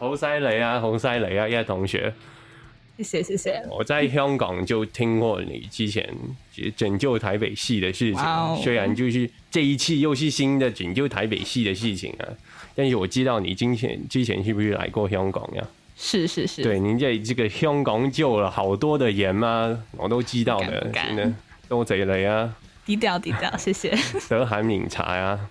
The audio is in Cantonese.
猴塞雷啊，猴塞雷啊，葉同學，謝謝謝謝。我在香港就聽過你之前拯救台北市的事情、wow，雖然就是這一次又是新的拯救台北市的事情啊，但是我知道你之前之前是不是來過香港呀、啊？是是是，對，您在這個香港救了好多的人啊，我都知道的，真的都賊雷啊，低調低調，謝謝。得閒 飲茶啊？